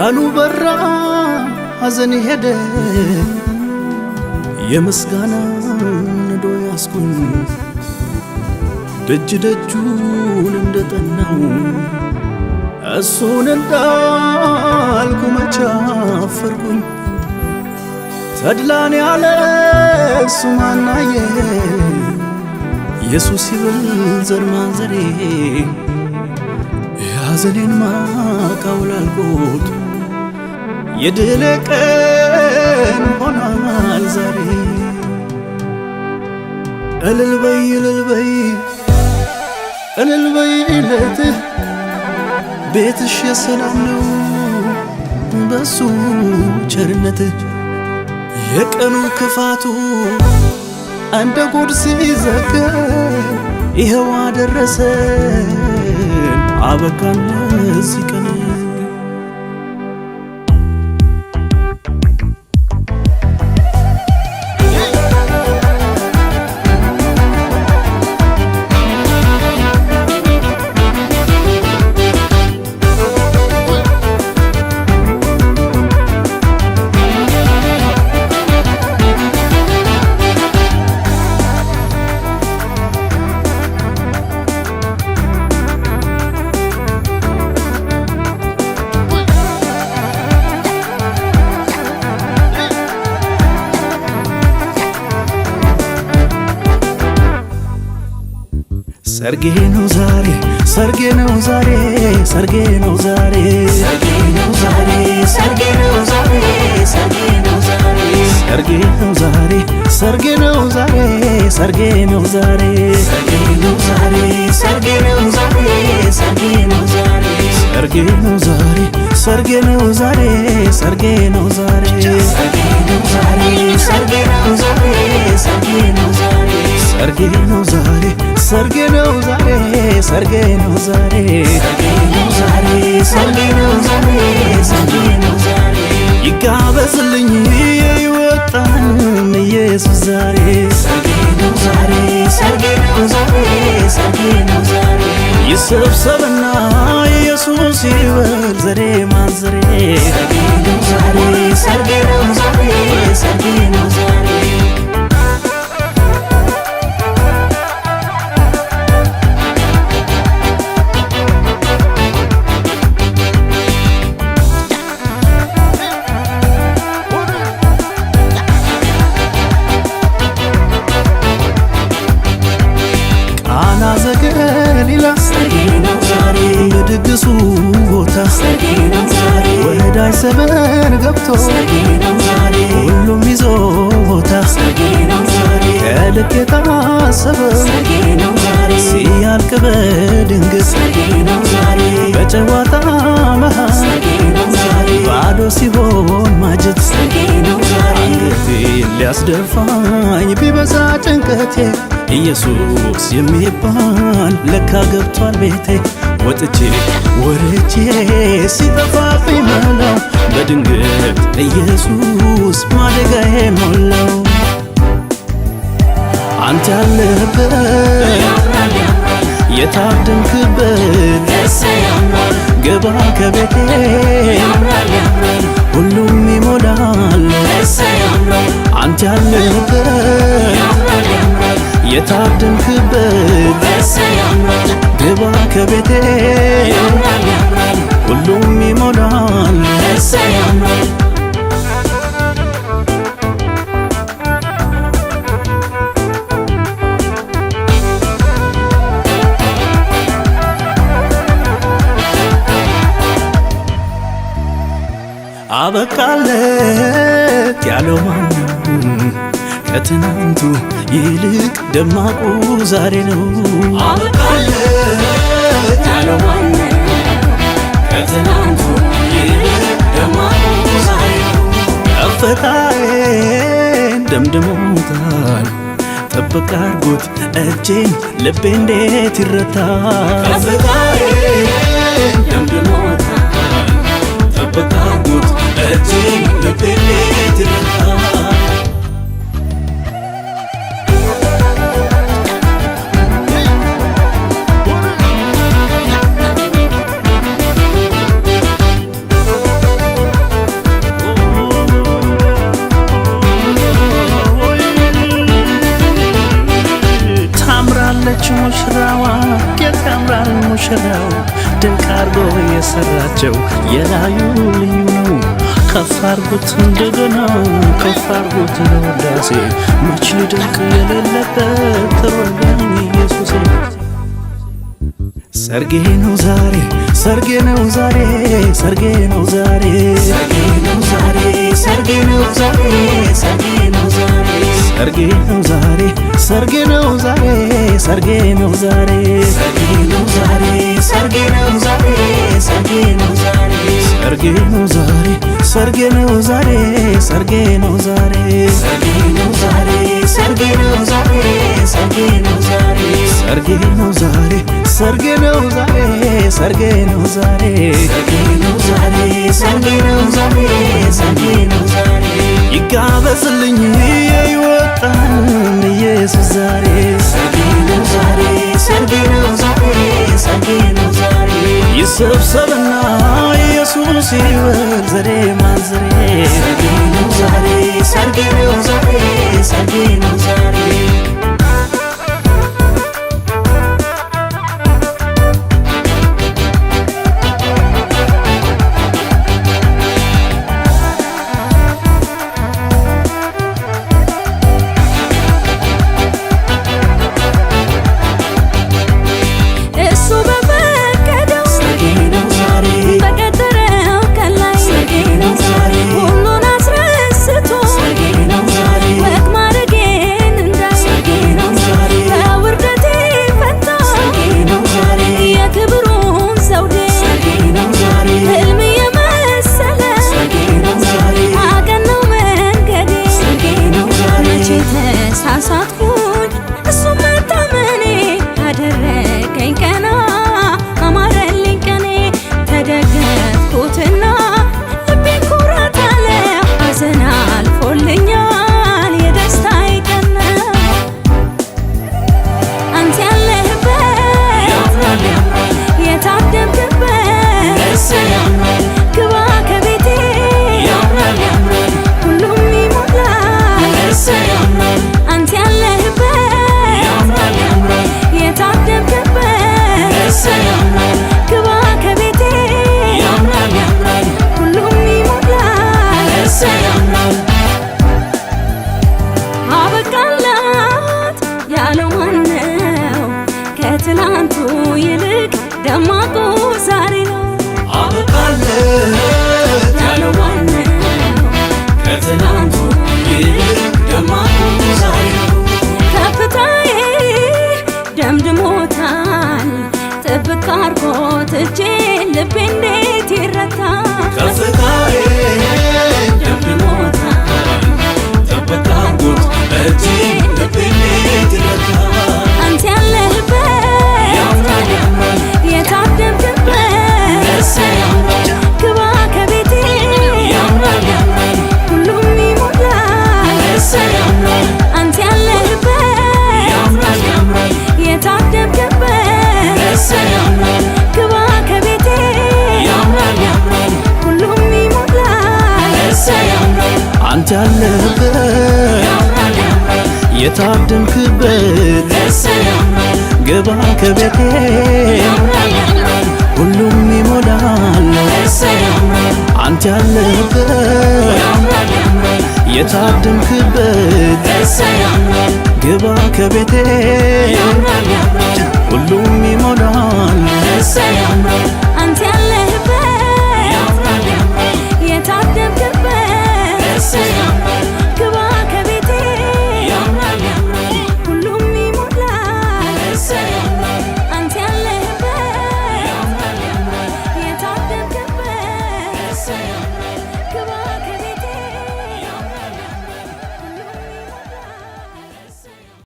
ቃሉ በራ ሐዘን ሄደ የምስጋና ንዶ ያስኩኝ ደጅ ደጁን እንደጠናው እሱን እንዳልኩ መቻፈርኩኝ ተድላን ያለ እሱ ማናየ ኢየሱስ ይብል ዘር ማንዘሬ ያዘኔን የድል ቀን ሆኗል ዛሬ። እልል በይ እልል በይ እልል በይ ለትህ ቤትሽ የሰላም ነው በሱ ቸርነት የቀኑ ክፋቱ እንደ ጉድ ሲዘጋ ይኸው አደረሰን አበቃን እዚህ ቀን ሰርጌ ነው ዛሬ ሰርጌ ነው ዛሬ ሰርጌ ነው ዛሬ ሰርጌ ነው ዛሬ ሰርጌ ነው ዛሬ ሰርጌ ነው ዛሬ ሰርጌ ነው ዛሬ ሰርጌ ነው ዛሬ ሰርጌ ነው ዛሬ ሰርጌ ነው ዛሬ ሰርጌ ነው ዛሬ ሰርጌ ነው ዛሬ ዛሬ ሰርጌ ነው ዛሬ ሰርጌ ነው ዛሬ ሰርጌ ነው ዛሬ ሰርጌ ነው ዛሬ ዛሬ ሰርጌ ነው ዛሬ ሰርጌ ነው ዛሬ ይጋበዝልኝ የይወጣንም ኢየሱስ ዛሬ ይሰብሰብና ኢየሱስ ይበል ዘሬ ማንዘሬ ሁሉም ይዞ ቦታ ከልብ የታሰበው ሲያልቅ በድንገት በጨዋታ መሃል ባዶ ሲሆን ማጀት አንገቴ ሊያስደፋኝ ቢበዛ ጭንቀቴ ኢየሱስ የሚባል ለካ ገብቷል ቤቴ ወጥቼ ወርቼ ሲጠፋፊ መላው በድንገት ኢየሱስ ማደጋዬ ሞላው አንተ ያለህበት የታደምክበት ገባ ከቤቴ ሁሉም ይሞላል አንተ ያለበት የታደምክበት ግባ ከቤቴ ሁሉም ይሞላል አበቃለት ያለው ከትናንቱ ይልቅ ደማቁ ዛሬ ነው። ከፈታዬን ደምድሞታል ጥብቅ አርጎት እጄን ልቤ እንዴት ይረታል? ከፈታዬን ደምድሞታል ጥብቅ አርጎት ሰራቸው የላዩ ልዩ ከፍ አርጉት እንደገናው ከፍ አርጉት ለውዳሴ መች ድንቅ የሌለበት ወገን ኢየሱስ ሰርጌ ነው ዛሬ ሰርጌ ነው ዛሬ ሰርጌ ነው ዛሬ ሰርጌ ነው ዛሬ ሰርጌ ነው ዛሬ ሰርጌ ነው ዛሬ ሰርጌ ነው ዛሬ ሰርጌ ነው ዛሬ ሰርጌ ነው ዛሬ ሰርጌ ነው ዛሬ ሰርጌ ነው ዛሬ ሰርጌ ነው ዛሬ ሰርጌ ነው ዛሬ ሰርጌ ነው ዛሬ ሰርጌ ነው ዛሬ ሰርጌ ዛሬ ሰርጌ ነው ዛሬ ሰርጌ ነው ዛሬ ሰርጌ ነው ዛሬ ይጋበዝልኝ ይወጣል ኢየሱስ ዛሬ ሰርጌ ነው ዛሬ ሰርጌ ነው ዛሬ ይሰብሰብና ኢየሱስ ይበል ዘሬ ማንዘሬ መሞት ያለበት የታደምክበት ግባ ከቤቴ ሁሉም ይሞላል አንተ ያለበት የታደምክበት ግባ ከቤቴ ሁሉም ይሞላል አንተ ያለ say I'm